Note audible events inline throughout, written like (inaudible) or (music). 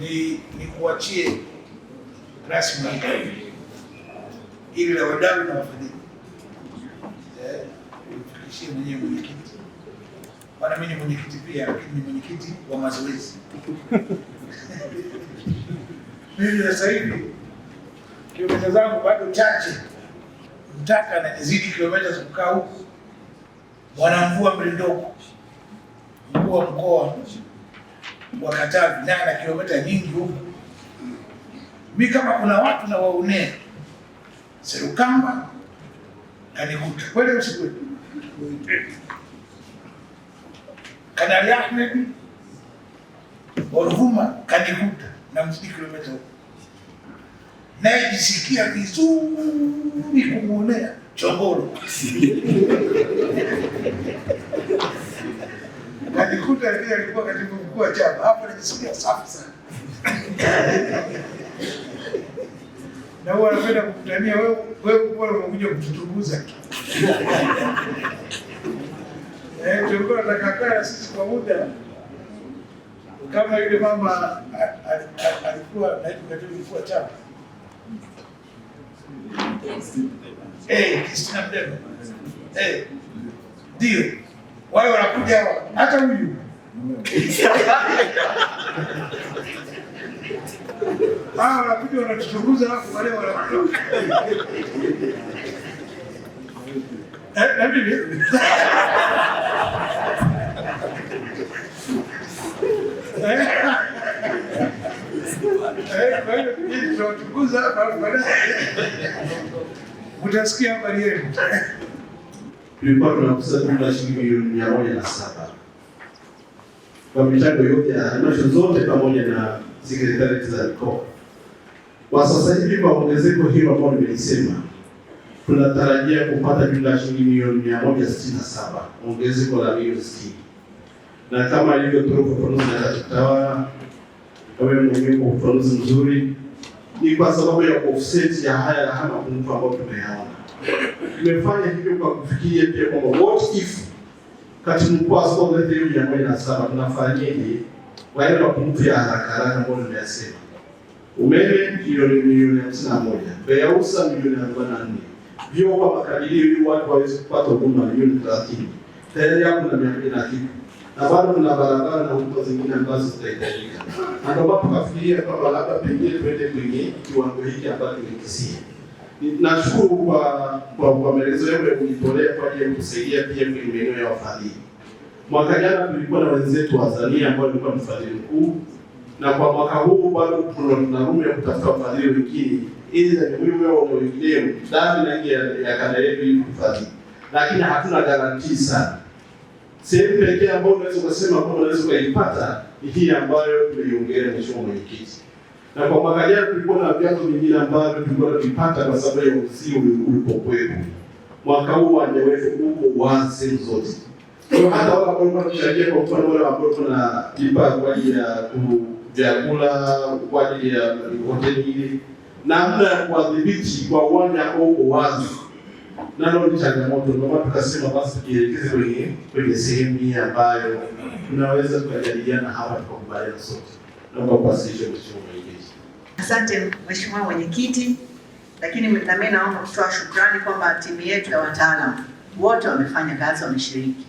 ni nikuachie rasmi ili la wadau na wafadhili eh, nifikishie mwenyewe mwenyekiti, maana mimi ni mwenyekiti pia, lakini ni mwenyekiti wa mazoezi. (laughs) Mimi sasa hivi kilomita zangu bado chache, mtaka nazidi kilomita za kukaa huku. Bwana Mvua Mlindoko, mkuu wa mkoa wakataa na kilomita nyingi huko. Mi kama kuna watu na waonea Serukamba na Nikuta kweli usiku Kanali Ahmed Orhuma kanikuta na mzidi kilomita huko, naye jisikia vizuri kumwonea Chongolo (laughs) kanikuta, lakini alikuwa kati Mungu ajabu. Hapo safi sana na huwa anapenda kukutania wewe, wewe eh, tulikuwa sisi kwa muda kama yule mama alikuwa alikuwa chapa Mdema, ndio wale wanakuja hata huyu Ah, é wanatuchunguza alafu wale wanaondoka. Eh, na mimi. Tunachunguza alafu baadaye utasikia habari yenu. Tulikuwa tunakusanya shilingi milioni mia moja na saba kwa mitando yote ya halmashu zote pamoja na sekretarieti za mikoa. Kwa sasa hivi, kwa ongezeko hilo ambalo nimelisema, tunatarajia kupata jumla ya shilingi milioni mia moja sitini na saba ongezeko la milioni sitini na kama ilivyo ilivyotoroka upanuzi na katibu tawala kama mwenyewe kwa upanuzi mzuri, ni kwa sababu ya offset ya haya na hana kumpa ambayo tumeyaona. Tumefanya hivyo kwa kufikiria pia kwamba what if katibu mkuu wa askofu wetu elfu mia moja na saba tunafanyeni Kwa hiyo mapungufu ya haraka haraka ambayo nimeyasema, umeme milioni milioni hamsini na moja VEAUSA milioni arobaini na nne vyo kwa makadirio ili watu waweze kupata huduma milioni thelathini tayari hapo na mia mbili na kitu na bado kuna barabara na huduma zingine ambazo zitahitajika, na ndio maana tukafikiria kwamba labda pengine tuende kwenye kiwango hiki ambacho ni Nashukuru kwa kwa kwa maelezo yako ya kujitolea kwa ajili ya kusaidia pia kwenye maeneo ya wafadhili. Mwaka jana tulikuwa na wenzetu wa Tanzania ambao walikuwa mfadhili mkuu, na kwa mwaka huu bado tuna mnarume ya kutafuta wafadhili wengine, ili na mimi wewe wengine ndani na nje ya kanda yetu ili kufadhili, lakini hatuna garantii sana. Sehemu pekee ambayo unaweza kusema kwamba unaweza kuipata ni hii ambayo tumeiongelea, Mheshimiwa Mwenyekiti na kwa mwaka jana tulikuwa na vyanzo vingine ambavyo tulikuwa tunavipata kwa sababu ya ulipo kwetu. Mwaka huu wajaweza huko wa zote, kwa hata wale ambao wanachangia, kwa mfano wale ambao tunalipa kwa ajili ya vyakula, kwa ajili ya hoteli hili, namna ya kuwadhibiti kwa uwanja ambao wazi, nalo ni changamoto. Ndio maana tukasema basi tujielekeze kwenye kwenye sehemu hii ambayo tunaweza tukajadiliana hapa tukakubaliana sote. Naomba kuwasilisha mheshimiwa Asante Mheshimiwa Mwenyekiti, lakini nami naomba kutoa shukrani kwamba timu yetu ya wataalamu wote wamefanya kazi, wameshiriki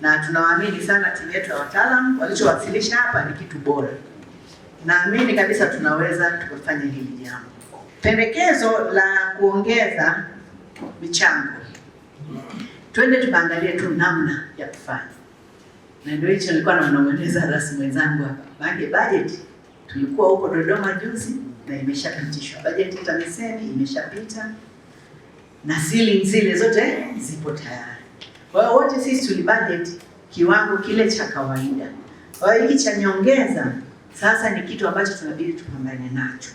na tunawaamini sana timu yetu ya wataalamu. Walichowasilisha hapa ni kitu bora, naamini kabisa tunaweza tukafanya hili jambo. Pendekezo la kuongeza michango, twende tukaangalie tu namna ya kufanya, na ndio hicho nilikuwa namweleza rasmi mwenzangu hapa, maana budget tulikuwa huko Dodoma juzi na imeshapitishwa bajeti TAMISEMI imeshapita na ceiling zile zote zipo tayari. Kwa hiyo wote sisi tuli budget kiwango kile cha kawaida. Kwa hiyo hiki cha nyongeza sasa ni kitu ambacho tunabidi tupambane nacho,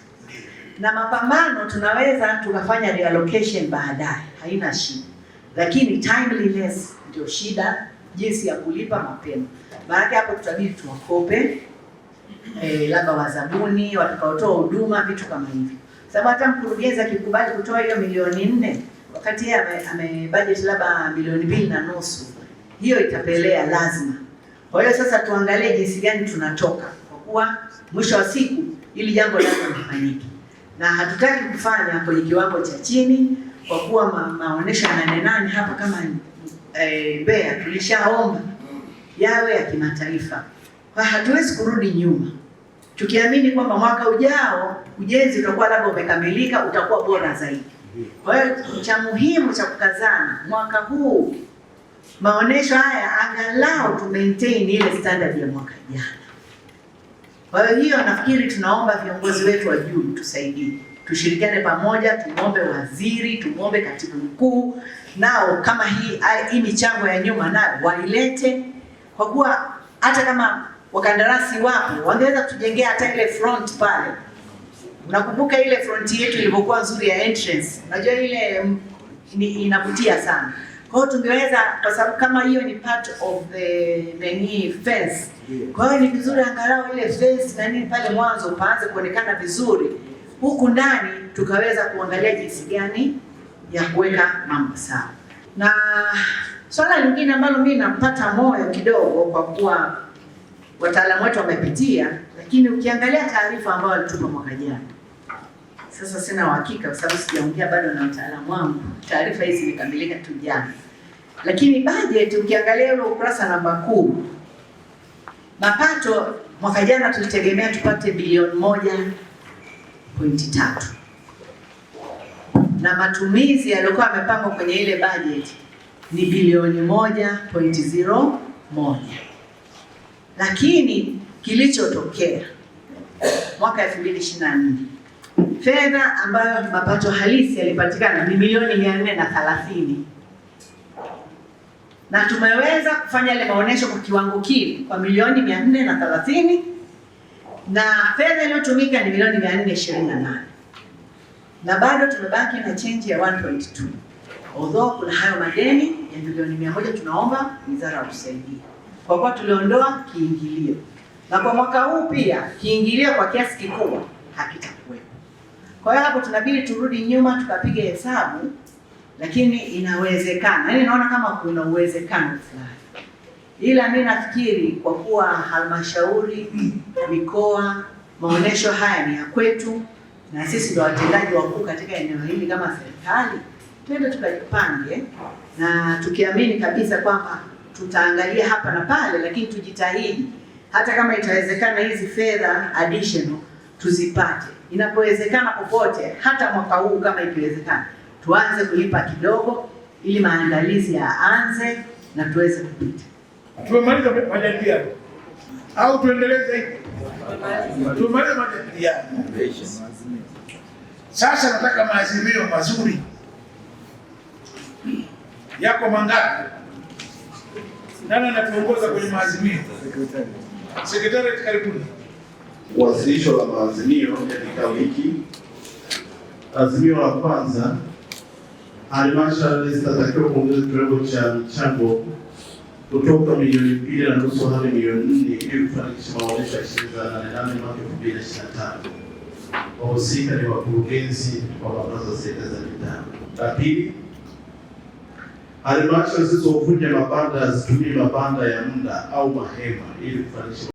na mapambano tunaweza tukafanya reallocation baadaye, haina shida, lakini timeliness ndio shida, jinsi ya kulipa mapema. Maana hapo tutabidi tuwakope eh, labda wazabuni watakaotoa huduma, vitu kama hivyo, sababu hata mkurugenzi akikubali kutoa hiyo milioni nne wakati yeye ame, ame budget labda milioni mbili na nusu, hiyo itapelea lazima. Kwa hiyo sasa tuangalie jinsi gani tunatoka, kwa kuwa mwisho wa siku ili jambo lazima lifanyike, na hatutaki kufanya kwenye kiwango cha chini, kwa kuwa ma maonesho ya nane nane hapa kama eh, Mbeya e, tulishaomba yawe ya kimataifa, kwa hatuwezi kurudi nyuma tukiamini kwamba mwaka ujao ujenzi utakuwa labda umekamilika, utakuwa bora zaidi. Kwa hiyo cha muhimu cha kukazana mwaka huu, maonesho haya angalau tu maintain ile standard ya mwaka jana. Kwa hiyo hiyo, nafikiri tunaomba viongozi wetu wa juu tusaidie, tushirikiane pamoja, tumwombe waziri, tumwombe katibu mkuu, nao kama hii hii michango ya nyuma nayo wailete, kwa kuwa hata kama wakandarasi wapo, wangeweza kutujengea hata ile front pale. Nakumbuka ile front yetu ilivyokuwa nzuri ya entrance, unajua ile inavutia sana. Kwa hiyo tungeweza, kwa sababu kama hiyo ni part of the nani fence, kwa hiyo ni vizuri angalau ile fence na nini pale mwanzo paanze kuonekana vizuri, huku ndani tukaweza kuangalia jinsi gani ya kuweka mambo sawa. Na swala lingine ambalo mimi nampata moyo kidogo kwa kuwa wataalamu wetu wamepitia, lakini ukiangalia taarifa ambayo walitupa mwaka jana, sasa sina uhakika kwa sababu sijaongea bado na wataalamu wangu, taarifa hizi zimekamilika tu jana. Lakini bajeti ukiangalia ule ukurasa namba kuu, mapato mwaka jana tulitegemea tupate bilioni moja pointi tatu na matumizi yaliyokuwa yamepangwa kwenye ile bajeti ni bilioni moja pointi zero moja. Lakini kilichotokea mwaka 2024 fedha ambayo mapato halisi yalipatikana ni milioni mia na thelathini na tumeweza kufanya ile maonesho kwa kiwango kile kwa milioni mia na thelathini na fedha iliyotumika ni milioni mia na na bado tumebaki na chenji ya 1.2 although kuna hayo madeni ya milioni 100 tunaomba wizara ya usaidie kwa kuwa tuliondoa kiingilio, na kwa mwaka huu pia kiingilio kwa kiasi kikubwa hakitakuwepo. Kwa hiyo hapo tunabidi turudi nyuma tukapige hesabu, lakini inawezekana, yaani naona kama kuna uwezekano fulani, ila mi nafikiri kwa kuwa halmashauri, mikoa, maonesho haya ni ya kwetu na sisi ndo watendaji wakuu katika eneo hili kama serikali, twende tukajipange na tukiamini kabisa kwamba tutaangalia hapa na pale, lakini tujitahidi hata kama itawezekana hizi fedha additional tuzipate inapowezekana popote, hata mwaka huu kama ikiwezekana, tuanze kulipa kidogo ili maandalizi yaanze na tuweze kupita. Tumemaliza majadiliano au tuendeleze Tumemaliza majadiliano. Sasa nataka maazimio mazuri. Yako mangapi? Nani anatuongoza kwenye maazimio? Sekretarieti, karibuni. Wasilisho la maazimio ya kikao hiki. Azimio la kwanza, halmashauri zitatakiwa kuongeza kiwango cha mchango kutoka milioni mbili na nusu hadi milioni nne ili kufanikisha maonyesho ya shilingi za nanenane mwaka elfu mbili na ishirini na tano. Wahusika ni wakurugenzi wa mabaraza ya serikali za mitaa. La pili Halmashauri zilizovunja mabanda zitumie mabanda ya muda au mahema ili kufanikisha